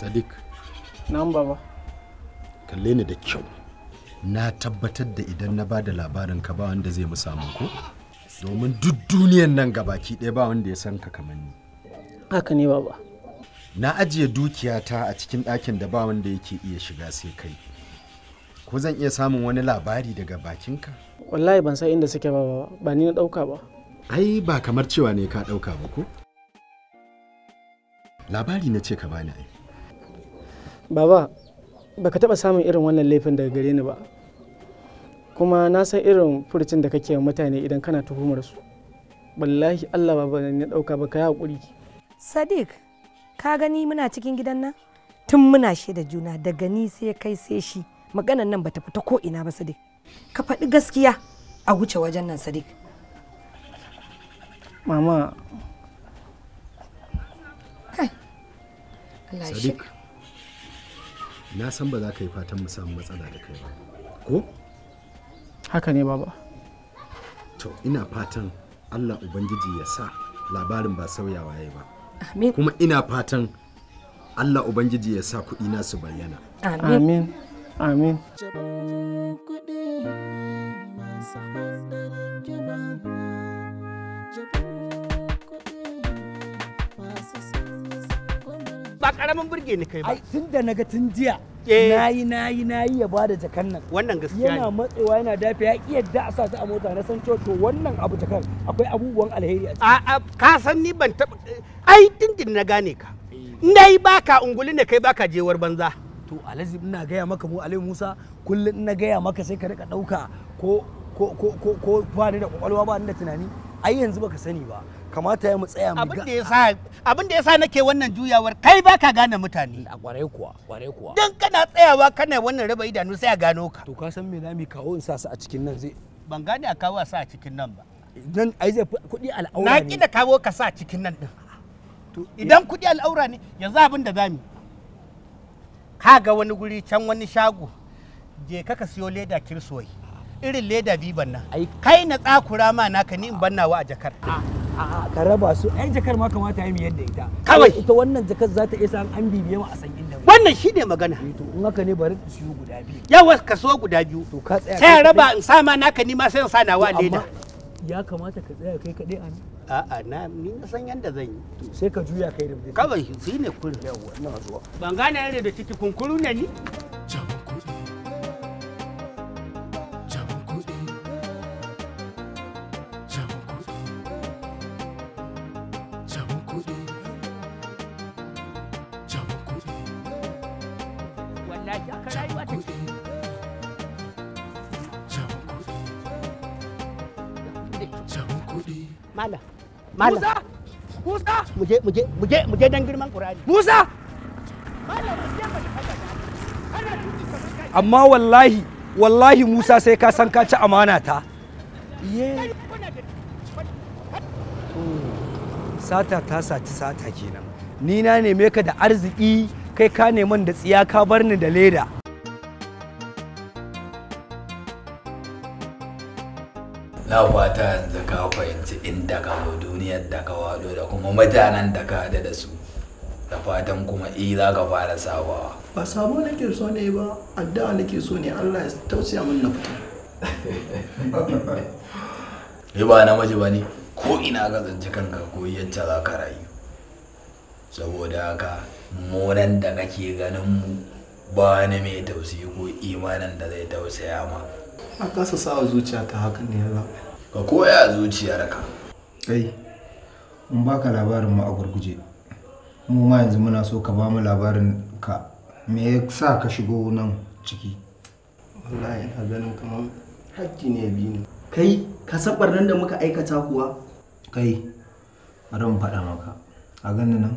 Sadiq. Nan baba. Kalle ni da kyau. Na tabbatar da idan na bada labarin ka ba wanda zai musamman ko? Domin duk duniyan nan gabaki ɗaya ba wanda ya san ka kamar ni. Haka ne baba. Na ajiye dukiyata a cikin ɗakin da ba wanda yake iya shiga sai kai. Ko zan iya samun wani labari daga bakinka? Wallahi ban san inda suke ba ba ni na ɗauka ba. Ai ba kamar cewa ne ka ɗauka ba ko? Labari na ce ka bani ai. baba baka taba samun irin wannan laifin daga gare ni ba kuma na san irin furcin da kake mutane idan kana tuhumar su wallahi Allah baba ne dauka baka yi hakuri Sadiq ka gani muna cikin gidan nan tun muna da juna daga ni sai kai sai shi maganan nan bata fita ko ina ba Sadiq ka faɗi gaskiya a wuce wajen nan Sadiq Mama Sadiq na san ba za ka yi fatan mu samu matsala da kai ba ko haka ne baba to ina fatan allah ubangiji ya sa labarin ba sauyawa ya ba kuma ina fatan allah ubangiji ya sa kuɗi na su bayyana amin amin ba karamin burge ni kai ba tun da naga tun jiya Eh. na yi na yi na yi ya bada jakan nan wannan gaskiya yana matsewa yana dafe ya iya da a sa ta a mota na san cewa to wannan abu jakan akwai abubuwan alheri a ka san ni ban taba ai na gane ka eh. na yi baka unguli ne kai baka jewar banza to alhaji ina gaya maka mu alai musa kullum ina gaya maka sai ka rika dauka ko ko ko ko ko ba ni da kwakwalwa ba ni da tunani ai yanzu baka sani ba kamata ya mu tsaya mu abin da yasa abin da yasa nake wannan juyawar kai baka gane mutane a kwarai kuwa kwarai kuwa dan kana tsayawa kana wannan raba idanu sai a gano ka to ka san me zamu kawo in sa su a cikin nan zai ban gane a kawo a sa a cikin nan ba dan ai zai kuɗi al'aura ne na kida da kawo ka sa a cikin nan din to idan kuɗi al'aura ne yanzu abin da zamu ka ga wani guri can wani shago je ka ka siyo leda kirsoyi irin leda biban nan kai na tsakura ma naka ni in bannawa a jakar ah. ka raba su ai jakar ma kamata yi yadda ita kawai ita wannan jakar za ta isa an bibiye mu a san inda wannan shine magana eh, to in haka ne bari su yi guda biyu yawa ka so guda biyu to ka tsaya sai raba in ma naka ni ma sai in sa nawa leda ya kamata ka tsaya kai kadai a a a'a na ni na san yanda zan yi sai ka juya kai da kawai shine kun yawa na zuwa ban gane da ciki kunkuru ne ni mala mala Musa! Musa! Muje, muje, muje, muje dan girman Qur'ani. Musa! mala muje ba Ana tuki kamar Amma wallahi, wallahi Musa sai ka san ka ci amana ta. Ye. Hmm. Sata ta saci sata kenan. Ni na neme ka da arziki kai ka neman da tsiya ka bar ni da leda. Lawa inda ka kawo duniyar da ka wado da kuma mutanen da ka hada da su da fatan kuma i za ka fara sabawa ba sabo nake so ne ba addu'a nake so ne Allah ya tausaya min na fito ni ba namiji ba ne ko ina ka zance kanka ko yacce za ka rayu saboda haka munan da kake ganin mu ba wani mai tausayi ko imanin da zai tausaya ma a kasa sa zuciya ta hakan ne ya ka koya a zuciyarka kai in baka labarin mu a gurguje mu ma yanzu muna so ka ba mu labarin ka me ya sa ka shigo nan ciki wallahi ina ganin kamar hajji ne bi ni. kai ka sabar nan da muka aikata kuwa kai bari mu faɗa maka a ganin nan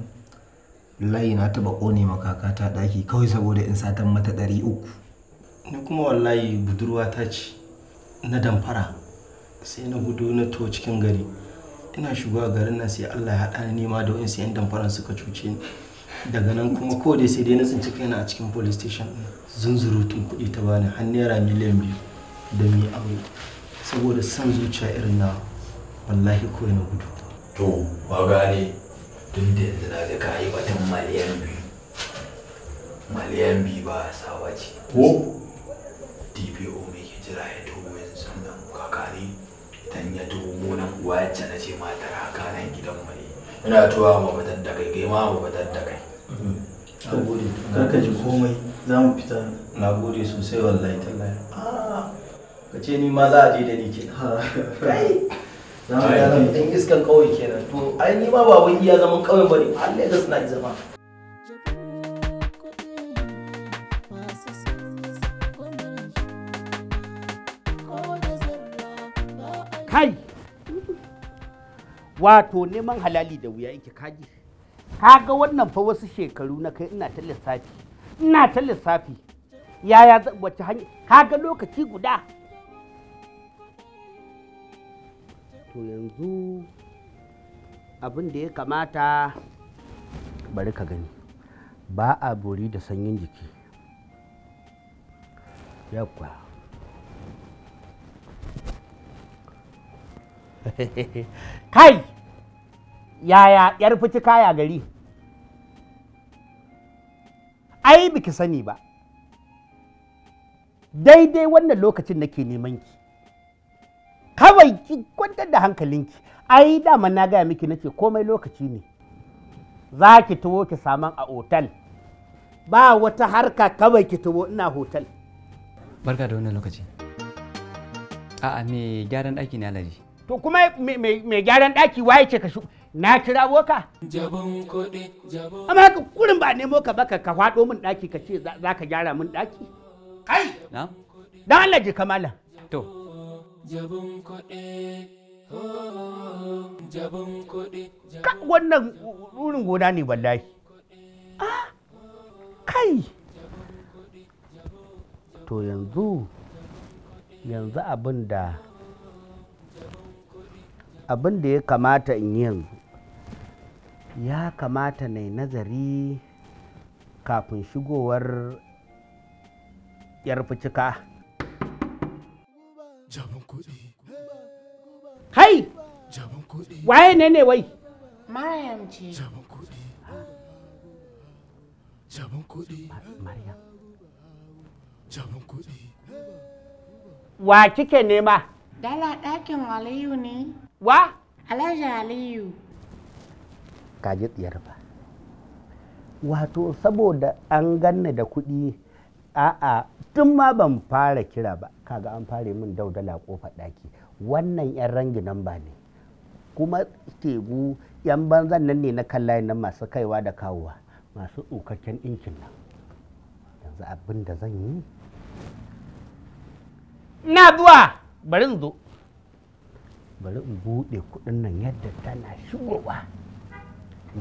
wallahi na taɓa ƙone makaka ta ɗaki kawai saboda in satan mata ɗari uku ni kuma wallahi budurwa ta ce na damfara sai na gudu na to cikin gari ina a garin nan sai Allah ya haɗa ni nima da wani sayan damfaran suka cuce ni daga nan kuma ko dai sai dai na tsinci kaina a cikin police station zunzurutun kuɗi ta bani har naira miliyan biyu da mai aure saboda san zuciya irin na wallahi ko na gudu to ba gane tun da yanzu na ga kayi batun miliyan biyu miliyan biyu ba sawa ce ko wacce na ce matar haka nan gidanmu ne ina tuwa ma fitar da kai kai ma mu fitar da kai mm-hmm. na gode ji komai za mu fita na gode sosai wallahi tallahi ah. ka ce ni ma za a je da ni ke kai za mu yi ɗan iskan kawai kenan to ai ni ma ba wai iya zaman kawai bane Allah allai ga suna zama wato neman halali da wuya yake kaji kaga wannan fa wasu shekaru na kai ina ta lissafi ina ta lissafi yaya wace hanya kaga lokaci guda to yanzu abin da ya kamata bari ka gani ba a bori da sanyin jiki yakwa kai yaya yar fiti kaya gari ai biki sani ba daidai wannan lokacin nake neman ki kawai ki kwantar da hankalinki ai dama na gaya miki nace komai lokaci ne za ki tuwo ki saman a otal ba wata harka kawai ki tuwo ina hotel barka da wannan lokaci a'a me gyaran daki ne alaji to kuma me gyaran daki waye ce ka na kira woka amma ka kurin ba nemo ka baka ka faɗo min ɗaki ka ce za ka gyara min ɗaki kai na dan Allah ji kamala to jabin wannan rurin goda ne wallahi ah kai to yanzu yanzu abin da abin da ya kamata in yanzu ya kamata na nazari kafin shigowar yar ficika hai waye ne ne wai mariam ce wa kike nema dala ɗakin aliyu ne wa alhaji aliyu ka ji tsiyar ba wato saboda an ganna da kuɗi a'a tun ma ban fara kira ba kaga an fare min daudala kofa ɗaki wannan 'yan rangi nan ba ne kuma tegu 'yan banzan nan ne na kallayen nan masu kaiwa da kawowa masu tsokakken ɗinkin nan yanzu abin da zan yi na zuwa bari in zo bari in buɗe kuɗin nan yadda tana shigowa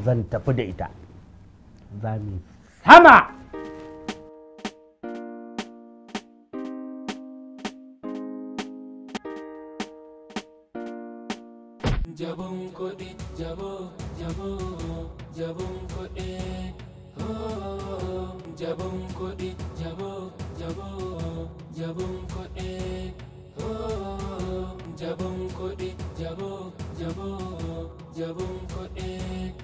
zan tafi da ita za mu sama jabun kuɗi jabo jabo jabun kuɗi jabun kuɗi jabo jabo jabun kuɗi jabun kuɗi jabo jabo jabun kuɗi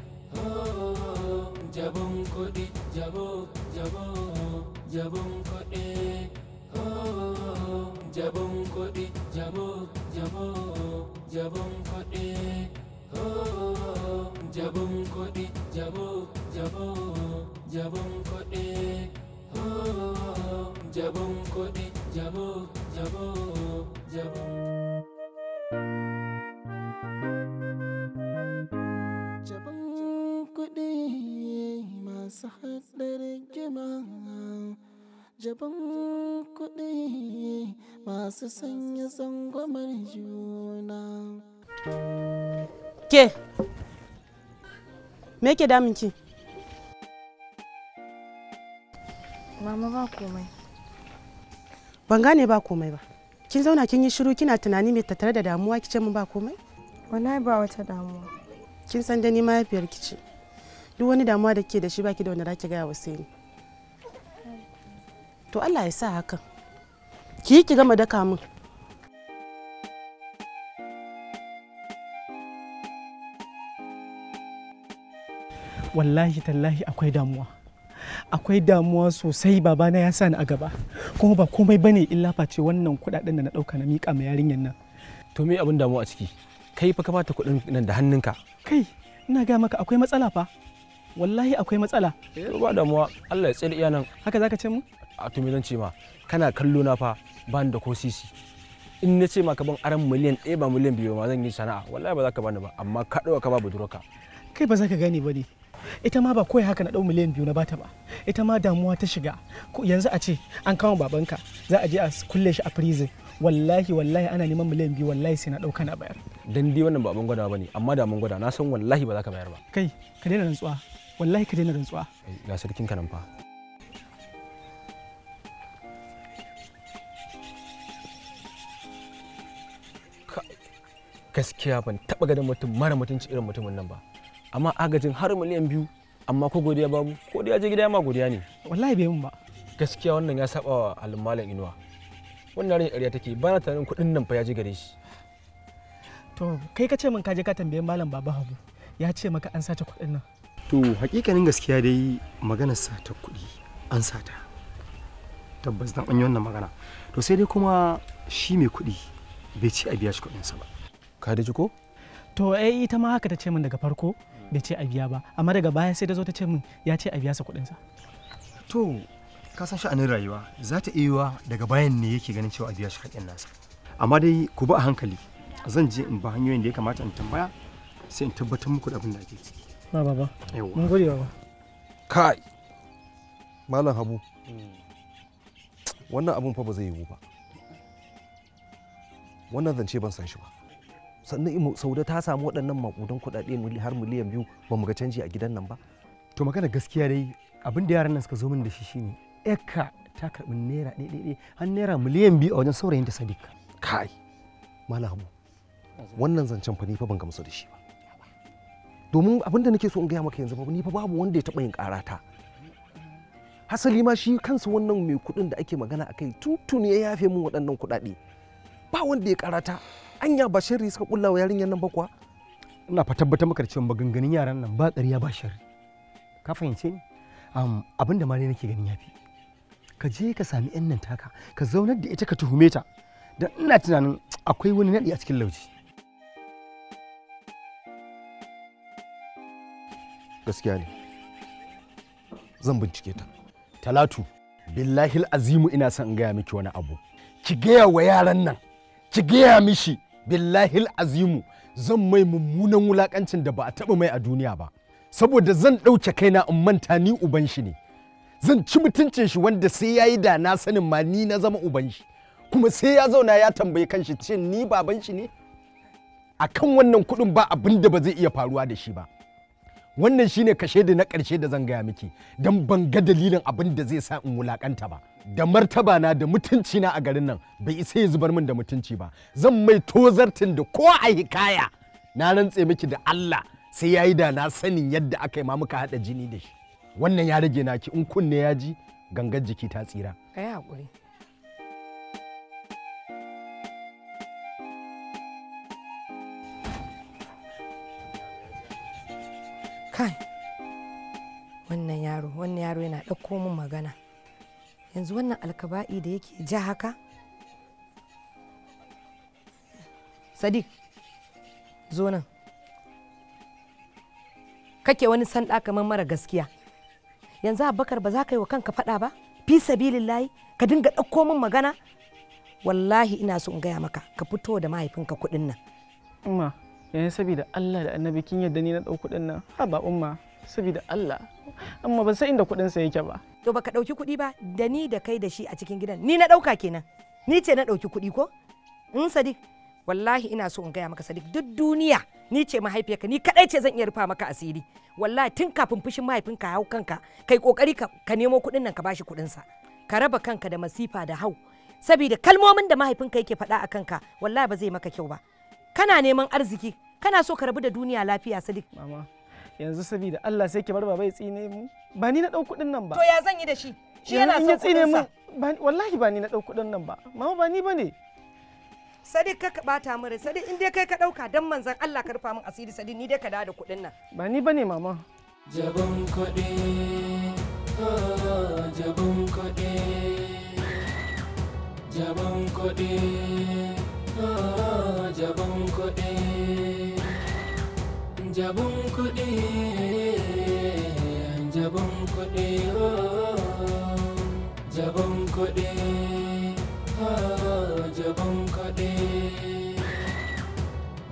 jabon kuɗi jabo jabo jabon kuɗi jabon kuɗi jabo jabo jabon kuɗi jabon kuɗi jabo jabo jabon kuɗi jabon kuɗi jabo jabo jabon ban kuɗi masu sanya zangwamar juna. Ke, me ke daminki? Mama ba komai. Ban gane ba komai ba. Kin zauna kin yi shiru kina tunani mai tattare da damuwa kice mun ba komai? Wallahi ba wata damuwa. Kin san da ni mahaifiyar kice. Duk wani damuwa da ke da shi baki da wanda zaki gaya wa sai ni. to Allah ya sa hakan ki yi ki gama daka min wallahi tallahi akwai damuwa akwai damuwa sosai babana ya sani a gaba kuma ba komai bane illa face wannan kudaden da na dauka na mika ma yarinyar nan to me abin damuwa a ciki kai fa ka bata kudin nan da hannunka kai ina ga maka akwai matsala fa wallahi akwai matsala eh, ba damuwa Allah ya tsare iya nan haka zaka ce mu a tumi zan ce ma kana kallo na fa ba da ko sisi in na ce ma ka ban aran miliyan ɗaya ba miliyan biyu ma zan yi sana'a wallahi ba za ka bani ba amma ka ɗauka ka ba budurka kai ba za ka gane ba ne ita ma ba koyi haka na ɗau miliyan biyu na bata ba ita ma damuwa ta shiga yanzu a ce an kama babanka za a je a kulle shi a prison wallahi wallahi ana neman miliyan biyu wallahi sai na ɗauka na bayar dan dai wannan baban gwada ba ne amma da mun gwada na san wallahi ba za ka bayar ba kai ka daina rantsuwa wallahi ka daina rantsuwa ga sarkin ka nan fa gaskiya ban taba ganin mutum mara mutunci irin mutumin nan ba amma agajin har miliyan biyu amma ko godiya ba mu ko dai aje gida ma godiya ne wallahi bai mun ba gaskiya wannan ya saba wa almalan inuwa wannan rin ƙarya take ba na tunanin kuɗin nan fa ya je gare shi to kai ka ce min ka je ka tambaye malam baba habu ya ce maka an sace kuɗin nan to hakikanin gaskiya dai maganar sata kuɗi an sata tabbas dan an yi wannan magana to sai dai kuma shi mai kuɗi bai ci a biya shi kuɗinsa ba ka da jiko. to yi eh, ita ma haka ta ce min daga farko bai ce a biya ba amma daga baya sai da zo ta ce min ya ce a biya sa kuɗinsa to ka san sha'anin rayuwa za ta iya yiwa daga bayan ne yake ganin cewa a biya shi haƙƙin nasa amma dai ku bi a hankali zan je in ba hanyoyin da ya kamata in tambaya sai in tabbatar muku da abin da ake ba ba ba mun gode ba. kai malam habu wannan abun fa ba zai yiwu ba wannan zance ban san shi ba sannan sauda ta samu waɗannan makudan kuɗaɗe har miliyan biyu ba mu ga canji a gidan nan ba to magana gaskiya dai abin da yaran nan suka zo min da shi shine eka ta karɓi naira ɗaya, har naira miliyan biyu a wajen saurayin ta sadiq kai malamu wannan zancen fa ni fa ban gamsu da shi ba domin abin da nake so in gaya maka yanzu ba ni fa babu wanda ya taɓa yin ƙara ta. hasali ma shi kansa wannan mai kuɗin da ake magana a akai tuntun ya yafe min waɗannan kuɗaɗe ba wanda ya karata anya ba sharri suka kulla wa yarinyar nan bakwa? ina fa tabbatar maka da cewa maganganun yaran nan ba ƙarya ba shirri ka fahimce ni um, abin da ma nake ganin yafi ka je ka sami yan nan taka ka zaunar da ita ka tuhume ta dan ina tunanin akwai wani naɗi a cikin lauji gaskiya ne zan bincike ta talatu billahi azimu ina son in gaya miki wani abu ki gaya wa yaran nan ki gaya mishi billahi azimu zan mai mummunan wulakancin da ba a taɓa mai a duniya ba saboda zan ɗauke kaina in manta ni uban shi ne zan ci mutuncin shi wanda sai ya yi da na sanin ma ni na zama uban shi kuma sai ya zauna ya tambayi kanshi cin ni baban shi ne akan wannan kuɗin ba abinda da ba zai iya faruwa da shi ba wannan shine kashe da na karshe da zan gaya miki don ban ga dalilin abin da zai sa in wulakanta ba da martaba na da mutunci na a garin nan bai isa ya zubar min da mutunci ba zan mai tozartin da ko a hikaya na rantse miki da Allah sai yayi da na sanin yadda aka yi muka haɗa jini da shi wannan ya rage naki in kunne ya ji gangar jiki ta tsira kai wannan yaro wannan yaro yana ɗauko mun magana yanzu wannan alkaba'i da yake ja haka sadiq zo nan kake wani sanda kamar mara gaskiya yanzu abakar ba za ka yi wa kanka faɗa ba fi sabilillahi ka dinga ɗauko min magana wallahi ina so in gaya maka ka fito da mahaifinka kuɗin nan yanzu eh, saboda Allah da annabi kin yadda ni na ɗau kuɗin nan ba umma saboda Allah amma ban san inda kuɗin sa yake ba to baka ɗauki kuɗi ba da ni da kai da shi a cikin gidan ni na ɗauka kenan ni ce na ɗauki kuɗi ko in hmm, Sadiq wallahi ina so in gaya maka Sadiq duk duniya ni ce mahaifiyarka ni kadai ce zan iya rufa maka asiri wallahi tun kafin fushin mahaifinka hau kanka kai kokari ka nemo kuɗin nan ka bashi kuɗin sa ka raba kanka da masifa da hau saboda kalmomin da mahaifinka yake faɗa a kanka wallahi ba zai maka kyau ba kana neman arziki kana so ka rabu da duniya lafiya sadiq mama yanzu saboda Allah sai ki bar baba ya tsine mu ba ni na dau kuɗin nan ba to ya zan yi da shi shi yana so tsine sa wallahi ba ni na dau kuɗin nan ba mama ba ni bane sadiq ka ka bata mure sadiq in dai kai ka dauka dan manzon Allah ka rufa min asiri sadiq ni dai ka da kuɗin nan ba ni bane mama oh, jabun kuɗi jabun kuɗi jabun kuɗi jabin kuɗi jabin kuɗi jabin kuɗi jabin kuɗi jabin kuɗi jabin kuɗi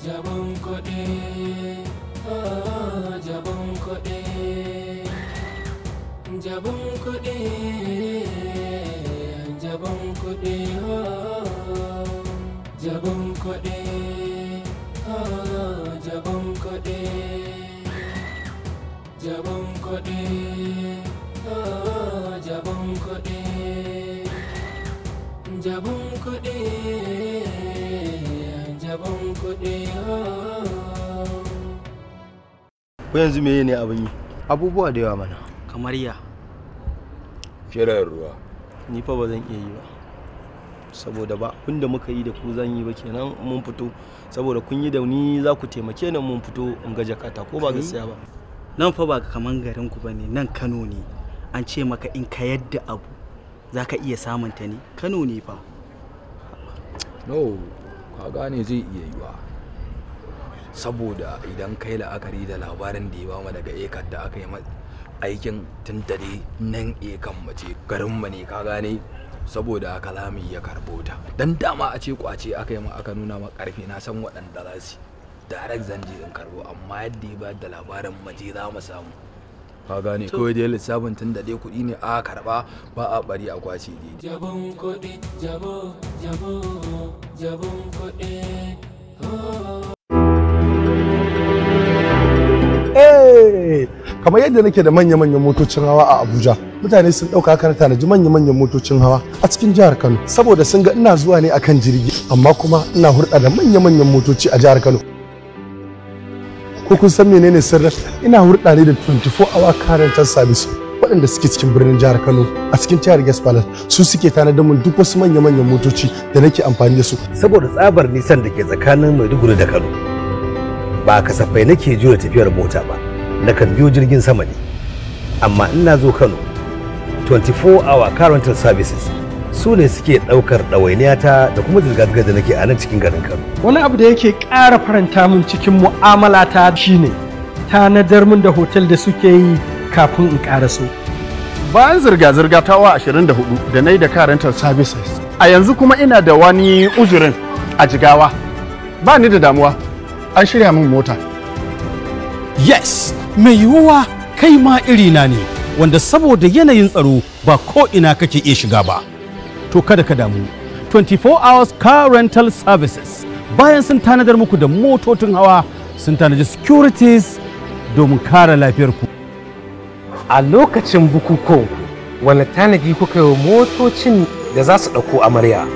jabin kuɗi jabin kuɗi jabin kuɗi jabin kuɗi oh, jabin kuɗi jabin kuɗi oh, jabin kuɗi jabin kuɗi jabin kuɗi ko oh. yanzu meye ne abin yi abubuwa da yawa mana kamar ya ruwa ni fa ba zan iya yi ba saboda ba abin muka yi da ku zan yi ba kenan mun fito saboda kun yi da ni za ku taimake ni mun fito in ga jakata ko ba gaskiya ba nan fa ba kaman garin ku bane nan Kano ne an ce maka in ka yadda abu za ka iya samun ta ne Kano ne fa no ka gane zai iya yiwa saboda idan kai la'akari da labarin da ya mu daga ekar da aka yi aikin tuntare nan ekan mace garin mu ne ka gane saboda haka ya karbo karɓo ta dan dama a ce kwace aka yi ma aka nuna ma karfi na san waɗanda za su direct zan je in karbo amma yadda ya ba da labarin maje za mu samu ka gane kawai dai lissafin tun da dai kuɗi ne a karba ba a bari a kwace dai jabon kuɗi jabo jabo jabon kuɗi oh. kamar yadda nake da manya-manyan motocin hawa a abuja mutane sun ɗauka haka na tanaji manya-manyan motocin hawa a cikin jihar kano saboda sun ga ina zuwa ne akan jirgi amma kuma ina hurɗa da manya-manyan motoci a jihar kano ko kun san menene sirrin ina hurɗa ne da 24 hour current service waɗanda suke cikin birnin jihar Kano a cikin jihar Gas Palace su suke tanadar mun duk wasu manya-manyan motoci da nake amfani da su. Saboda tsabar nisan da ke tsakanin Maiduguri da Kano ba kasafai nake jure tafiyar mota ba. na kan biyo jirgin sama ne amma ina zo kano 24 hour car rental services su ne suke ɗaukar ɗawainiyata da kuma zirga-zirgar da nake a nan cikin garin kano wani abu da yake ƙara faranta min cikin mu'amala ta shine tanadar min da hotel da suke yi kafin in ƙara so. bayan zirga-zirga ta awa 24 da na yi da car rental services a yanzu kuma ina da wani uzurin a jigawa ba ni da damuwa an shirya min mota yes mai yiwuwa kai ma irina ne wanda saboda yanayin tsaro ba ko ina kake iya shiga ba to kada ka damu 24 hours car rental services bayan sun tanadar muku da motocin hawa sun tanadi securities domin kare ku. a lokacin bukuko wani tanadi kuka yi motocin da za su ɗauko amarya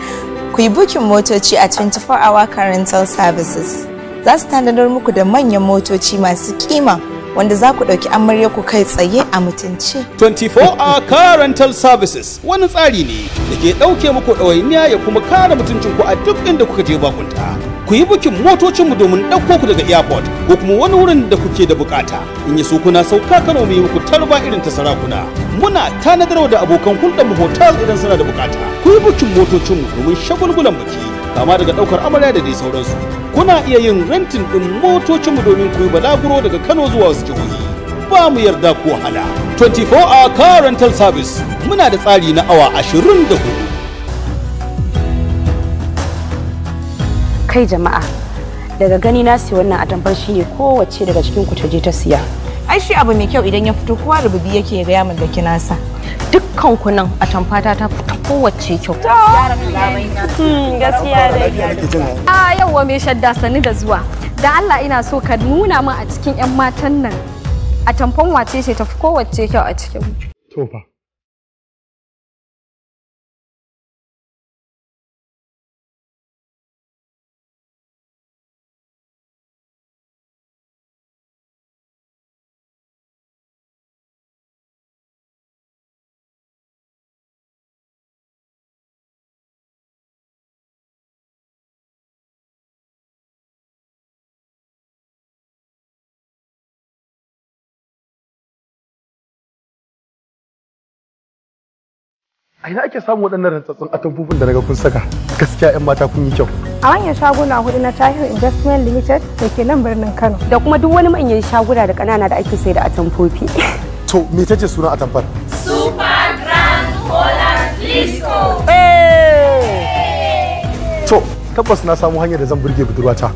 ku yi bukin motoci a 24 hour car rental services za su tanadar muku da manyan motoci masu kima wanda za ku ɗauki amarya ku kai tsaye a mutunci. 24 hour car rental services wani tsari ne da ke ɗauke muku ɗawainiya ya kuma kare mutuncin ku a duk inda kuka je bakunta. Ku yi bukin motocinmu domin ɗauko ku daga airport ko kuma wani wurin da kuke da bukata. In yi so kuna sauka kano mu yi muku tarba irin ta sarakuna. Muna tanadarwa da abokan hulɗar mu hotel idan suna da bukata. Ku yi bukin motocinmu domin shagulgulan biki. kama daga daukar amarya da dai sauransu kuna iya yin rentin ɗin motocinmu domin ku yi balaguro daga kano zuwa wasu jihohi ba mu yarda ko hala 24 hour car rental service muna da tsari na awa 24 kai jama'a daga gani na sai wannan atamfar shine kowace daga cikin ku ta ta siya ai shi abu mai kyau idan ya fito kowa rububi yake ga da mallaki nasa dukkan ku nan atamfata ta fito kowace kyau. Hmm, gaskiya dai. A ah, yawwa mai shadda sani da zuwa. Da Allah ina so ka nuna min a cikin 'yan matan nan a tamfon wace ce tafi kowace kyau a cikin. To A ina ake samun waɗannan rantsatsun atamfofin da naga kun saka? Gaskiya 'yan mata kun yi kyau. A manyan shaguna hudu na Tahir Investment Limited da ke nan birnin Kano. Da kuma duk wani manyan shaguna da ƙanana da ake sai da atamfofi. To, me tace sunan atamfar? Super Grand Polar Disco. To, tabbas na samu hanyar da zan burge budurwata.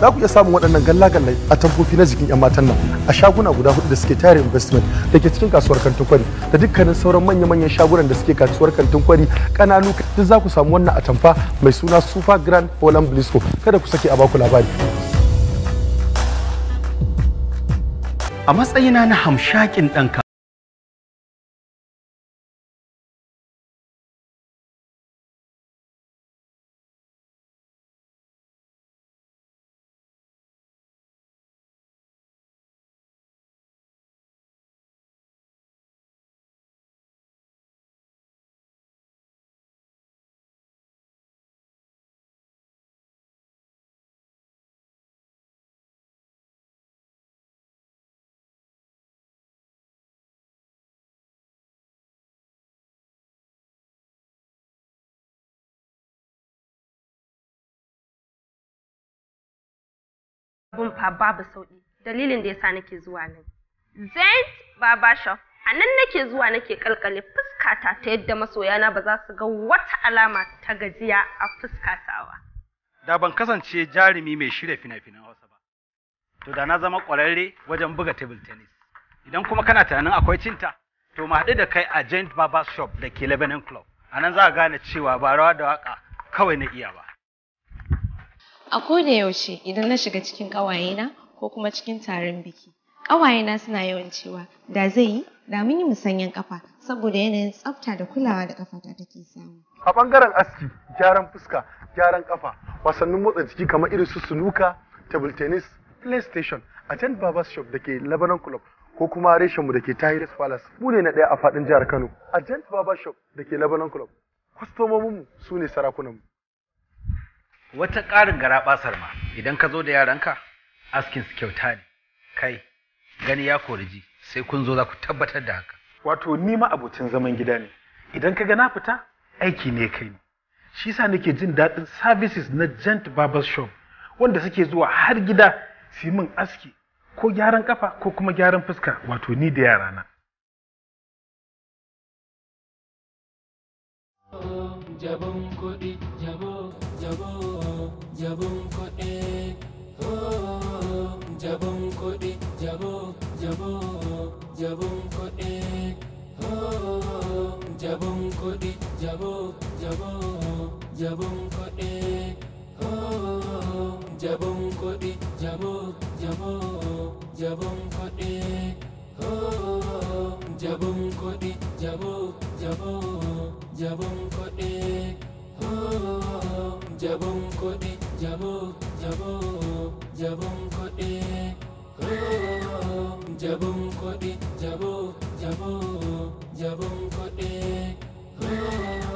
za ku iya samun waɗannan gallagallai a tamfofi na jikin 'yan matan nan a shaguna guda hudu da suke tare investment da ke cikin kasuwar kantin kwari da dukkanin sauran manya-manyan shagunan da suke kasuwar kantin kwari kananu duk za ku samu wannan atamfa mai suna super grand holland blisco kada ku sake a baku labari a matsayina na hamshakin ɗanka gun babu sauki dalilin da yasa nake zuwa nan Zent Baba Shop a nan nake zuwa nake kalkale fuskata ta yadda masoyana ba za su ga wata alama ta gajiya a fuskata ba da ban kasance jarumi mai shirya fina-finan Hausa ba to da na zama ƙwararre wajen buga table tennis idan kuma kana tunanin akwai cinta to mu haɗu da kai a Giant Barber Shop da ke Lebanon Club a nan za a gane cewa ba rawa da waka kawai na iya ba A koda yaushe idan na shiga cikin ƙawayena ko kuma cikin taron biki, ƙawayena suna yawan cewa da zai yi da mun yi musanyen kafa saboda yanayin tsafta da kulawa da kafata take samu. A ɓangaren aski, gyaran fuska, gyaran ƙafa, wasannin motsa jiki kamar irin su sunuka, table tennis, playstation, a can barbers Shop da ke Lebanon Club ko kuma reshen mu da ke Tahiris Palace, mu ne na ɗaya a faɗin jihar Kano. A Gent barbers Shop da ke Lebanon Club, mu su ne sarakunan mu. wata ƙarin garaɓasar ma idan ka zo da yaranka askin su kyauta ne kai gani ya koriji sai kun zo za ku tabbatar da haka wato ni ma abocin zaman gida ne idan ka ga na fita aiki ne kai ne shi sa nake jin daɗin services na gent barber shop wanda suke zuwa har gida su yi min aski ko gyaran kafa ko kuma gyaran fuska wato ni da yarana jabin kuɗi jabo jabon koɗe jabon koɗe jabo jabo jabon koɗe jabon koɗe jabo jabo jabon koɗe jabon koɗe jabo jabo jabon koɗe jabon koɗe jabo jabo jabon koɗe jabo jabon jabu, jabo jabo jabon kuɗi jabon jabu, jabu, jabo jabon Oh.